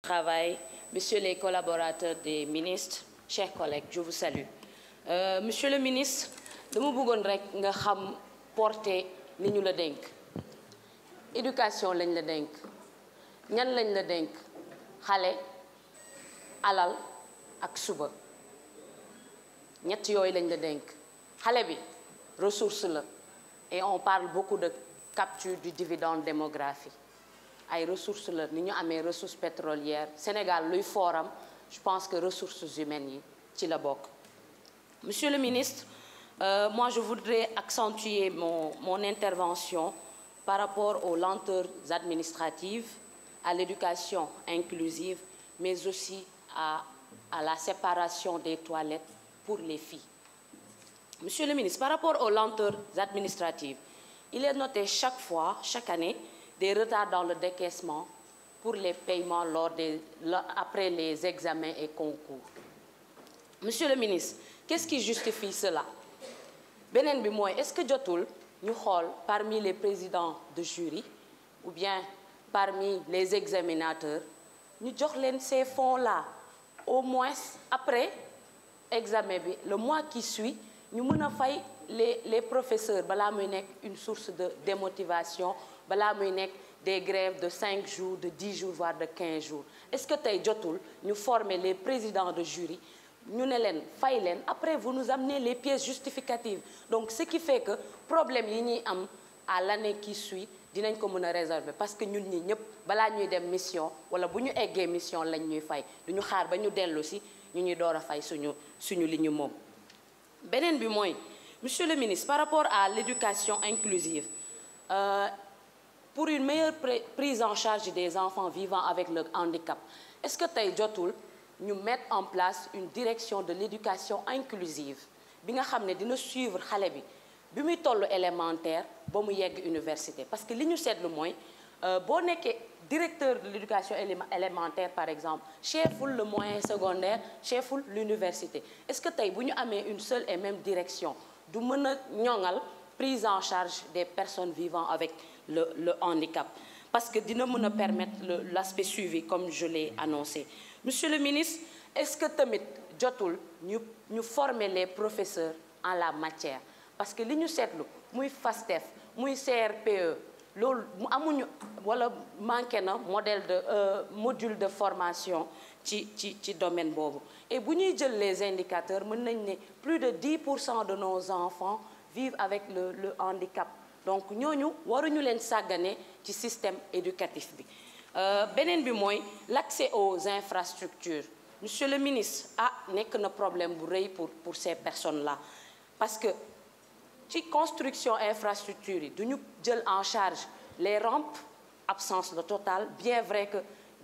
Travail, Monsieur les collaborateurs des ministres, chers collègues, je vous salue. Euh, monsieur le ministre, dama bëggoon rek nga xam porté li la éducation lañ la denk. ñan lañ la dénk alal ak suba les yooyu lañ la dénk et on parle beaucoup de capture du dividende démographique à ressources ressources pétrolières Sénégal le Forum, je pense que ressources humaines sont la Monsieur le ministre euh, moi je voudrais accentuer mon intervention par rapport aux lenteurs administratives à l'éducation inclusive mais aussi à à la séparation des toilettes pour les filles. Monsieur le ministre, par rapport aux lenteurs administratives, il est noté chaque fois, chaque année, des retards dans le décaissement pour les paiements lors des, après les examens et concours. Monsieur le ministre, qu'est-ce qui justifie cela est-ce que jotul ñu parmi les présidents de jury ou bien parmi les examinateurs nous jox ces fonds-là au moins après examen le mois qui suit nous ne les professeurs balaa une source de démotivation balaa des grèves de 5 jours de 10 jours voire de 15 jours est-ce que tey nous nous former les présidents de jury nous ne après vous nous amenez les pièces justificatives donc ce qui fait que problème yi ñuy am à l'année qui suit dinañ ko mën parce que nous, ñi ñëpp balaa des missions, mission wala nous missions, nous mission lañ ñuy fay Nous ñu xaar aussi, nous nous si ñu nous nous a fay suñu suñu Monsieur le ministre, par rapport à l'éducation inclusive, euh, pour une meilleure prise en charge des enfants vivant avec le handicap, est-ce que tey nous ñu mettre en place une direction de l'éducation inclusive bi nga nous suivre xale bi bi élémentaire ba université parce que li ñu que euh, si boo directeur de l'éducation élémentaire par exemple cheful le moyen secondaire cheful l'université est-ce que tey nous amène une seule et même direction du prise en charge des personnes vivant avec le handicap parce que nous permettent permettre l'aspect suivi comme je l'ai annoncé monsieur le ministre est-ce que tamit jotul nous former les professeurs en la matière parce que li ñu muy FASTEF CRPE il manque un modèle de euh, module de formation dans ci domaine et si on les indicateurs plus de 10 de nos enfants vivent avec le handicap donc devons waruñu leen sàggane ci système éducatif bi euh, l'accès aux infrastructures monsieur le ministre ah, n'est que na problème bu pour pour ces personnes là parce que la construction infrastructure nous avons en charge les rampes absence de totale bien vrai que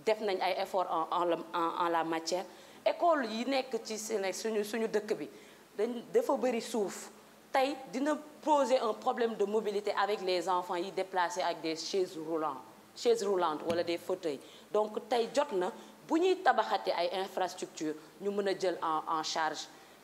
def nañ ay effort en en en la matière école yi n'est ci Sénégal suñu suñu dëkk bi dañ dafa bëri suuf tey dina poser un problème de mobilité avec les enfants yi déplacés avec des chaises roulantes chaises roulantes des fauteuils donc si nous avons des infrastructures, tabaxati ay infrastructure ñu en charge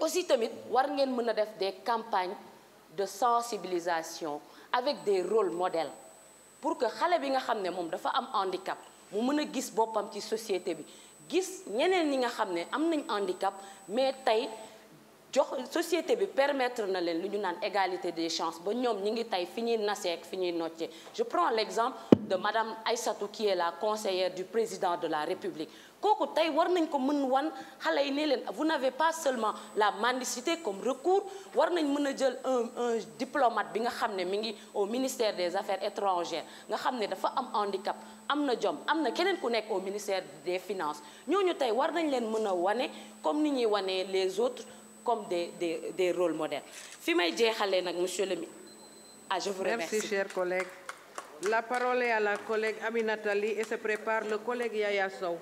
aussi tamit war ngeen meuna def des campagnes de sensibilisation avec des rôles modèles pour que xalé bi nga xamné mom dafa am handicap mu meuna a gis boppam ci société bi gis ñeneen ñi nga xamné am nañ handicap mais tay la société bi permettre na leen égalité des chances ba nous ñi ngi je prends l'exemple de madame Aïssatou qui est la conseillère du président de la République vous n'avez pas seulement la mendicité comme recours vous avez un un diplomate au ministère des affaires étrangères nga avez un dafa am handicap Vous avez jom keneen ku au ministère des finances Nous, avons war nañ comme nous avons les autres comme des, rôles modèles. monsieur le ah, je vous remercie. Merci, chers collègues. La parole est à la collègue Aminatali et se prépare le collègue Yaya Sow.